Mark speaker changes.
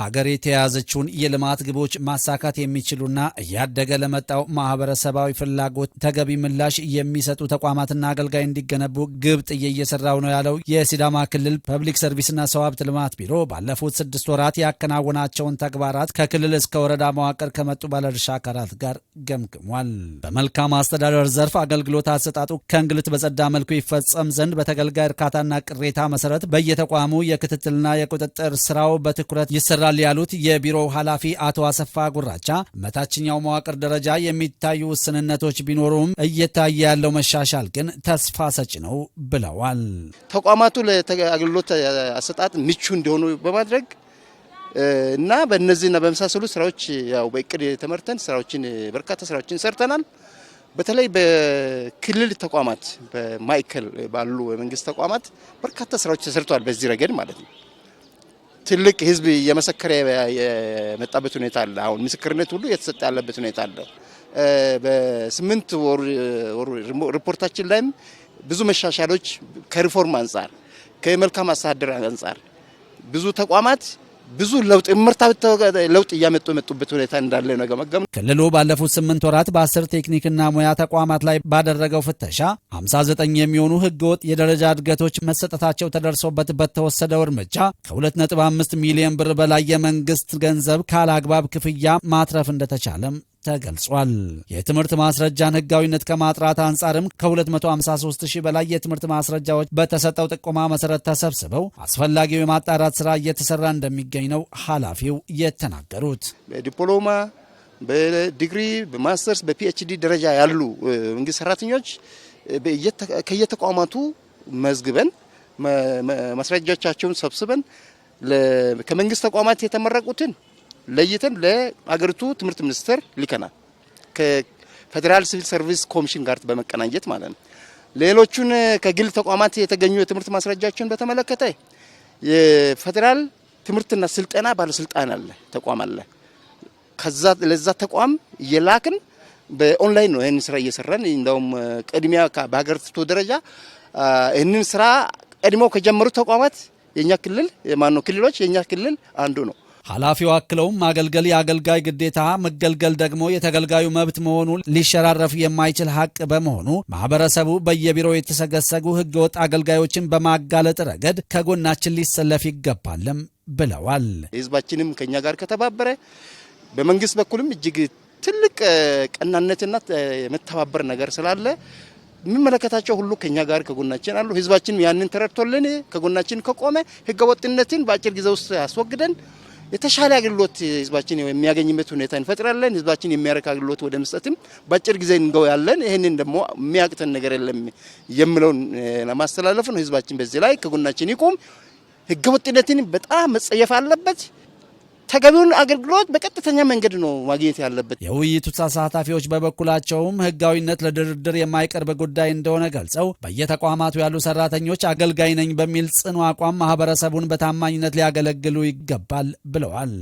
Speaker 1: ሀገር የተያዘችውን የልማት ግቦች ማሳካት የሚችሉና እያደገ ለመጣው ማህበረሰባዊ ፍላጎት ተገቢ ምላሽ የሚሰጡ ተቋማትና አገልጋይ እንዲገነቡ ግብጥ እየሰራው ነው ያለው የሲዳማ ክልል ፐብሊክ ሰርቪስና ሰው ሀብት ልማት ቢሮ ባለፉት ስድስት ወራት ያከናወናቸውን ተግባራት ከክልል እስከ ወረዳ መዋቅር ከመጡ ባለድርሻ አካላት ጋር ገምግሟል። በመልካም አስተዳደር ዘርፍ አገልግሎት አሰጣጡ ከእንግልት በጸዳ መልኩ ይፈጸም ዘንድ በተገልጋይ እርካታና ቅሬታ መሰረት በየተቋሙ የክትትልና የቁጥጥር ስራው በትኩረት ይሰራል ይሰራል ያሉት የቢሮው ኃላፊ አቶ አሰፋ ጉራቻ በታችኛው መዋቅር ደረጃ የሚታዩ ውስንነቶች ቢኖሩም እየታየ ያለው መሻሻል ግን ተስፋ ሰጭ ነው ብለዋል።
Speaker 2: ተቋማቱ ለአገልግሎት አሰጣጥ ምቹ እንዲሆኑ በማድረግ እና በእነዚህና በመሳሰሉ ስራዎች ያው በእቅድ ተመርተን ስራዎችን በርካታ ስራዎችን ሰርተናል። በተለይ በክልል ተቋማት በማዕከል ባሉ የመንግስት ተቋማት በርካታ ስራዎች ተሰርተዋል። በዚህ ረገድ ማለት ነው። ትልቅ ህዝብ እየመሰከረ የመጣበት ሁኔታ አለ። አሁን ምስክርነት ሁሉ እየተሰጠ ያለበት ሁኔታ አለ። በስምንት ወር ሪፖርታችን ላይም ብዙ መሻሻሎች ከሪፎርም አንጻር ከመልካም አስተዳደር አንጻር ብዙ ተቋማት ብዙ ለውጥ ምርታ ለውጥ እያመጡ የመጡበት ሁኔታ እንዳለ ነው ገመገም።
Speaker 1: ክልሉ ባለፉት ስምንት ወራት በአስር ቴክኒክና ሙያ ተቋማት ላይ ባደረገው ፍተሻ 59 የሚሆኑ ህገወጥ የደረጃ እድገቶች መሰጠታቸው ተደርሶበት በተወሰደው እርምጃ ከ2.5 ሚሊዮን ብር በላይ የመንግስት ገንዘብ ካለ አግባብ ክፍያ ማትረፍ እንደተቻለም ተገልጿል። የትምህርት ማስረጃን ህጋዊነት ከማጥራት አንጻርም ከ253 ሺህ በላይ የትምህርት ማስረጃዎች በተሰጠው ጥቆማ መሰረት ተሰብስበው አስፈላጊው የማጣራት ስራ እየተሰራ እንደሚገኝ ነው ኃላፊው የተናገሩት።
Speaker 2: በዲፕሎማ በዲግሪ በማስተርስ በፒኤችዲ ደረጃ ያሉ መንግስት ሰራተኞች ከየተቋማቱ መዝግበን ማስረጃዎቻቸውን ሰብስበን ከመንግስት ተቋማት የተመረቁትን ለይተን ለሀገሪቱ ትምህርት ሚኒስቴር ሊከና ከፌዴራል ሲቪል ሰርቪስ ኮሚሽን ጋር በመቀናጀት ማለት ነው። ሌሎቹን ከግል ተቋማት የተገኙ የትምህርት ማስረጃዎችን በተመለከተ የፌዴራል ትምህርትና ስልጠና ባለስልጣን አለ ተቋም አለ። ከዛ ለዛ ተቋም እየላክን በኦንላይን ነው ይህንን ስራ እየሰራን። እንደውም ቅድሚያ በሀገሪቱ ደረጃ ይህንን ስራ ቀድሞ ከጀመሩት ተቋማት የኛ ክልል ማነው ክልሎች የእኛ ክልል አንዱ ነው።
Speaker 1: ኃላፊው አክለውም ማገልገል የአገልጋይ ግዴታ፣ መገልገል ደግሞ የተገልጋዩ መብት መሆኑ ሊሸራረፍ የማይችል ሀቅ በመሆኑ ማህበረሰቡ በየቢሮው የተሰገሰጉ ህገወጥ አገልጋዮችን በማጋለጥ ረገድ ከጎናችን ሊሰለፍ ይገባልም ብለዋል።
Speaker 2: ህዝባችንም ከኛ ጋር ከተባበረ በመንግስት በኩልም እጅግ ትልቅ ቀናነትና የመተባበር ነገር ስላለ የሚመለከታቸው ሁሉ ከኛ ጋር ከጎናችን አሉ። ህዝባችን ያንን ተረድቶልን ከጎናችን ከቆመ ህገወጥነትን በአጭር ጊዜ ውስጥ አስወግደን የተሻለ አገልግሎት ህዝባችን የሚያገኝበት ሁኔታ እንፈጥራለን። ህዝባችን የሚያረክ አገልግሎት ወደ መስጠትም በአጭር ጊዜ ያለን ይህንን ደግሞ የሚያቅተን ነገር የለም የምለውን ለማስተላለፍ ነው። ህዝባችን በዚህ ላይ ከጎናችን ይቁም። ህገወጥነትን በጣም መጸየፍ አለበት። ተገቢውን አገልግሎት በቀጥተኛ መንገድ ነው ማግኘት ያለበት።
Speaker 1: የውይይቱ ተሳታፊዎች በበኩላቸውም ህጋዊነት ለድርድር የማይቀርብ ጉዳይ እንደሆነ ገልጸው በየተቋማቱ ያሉ ሰራተኞች አገልጋይ ነኝ በሚል ጽኑ አቋም ማህበረሰቡን በታማኝነት ሊያገለግሉ ይገባል ብለዋል።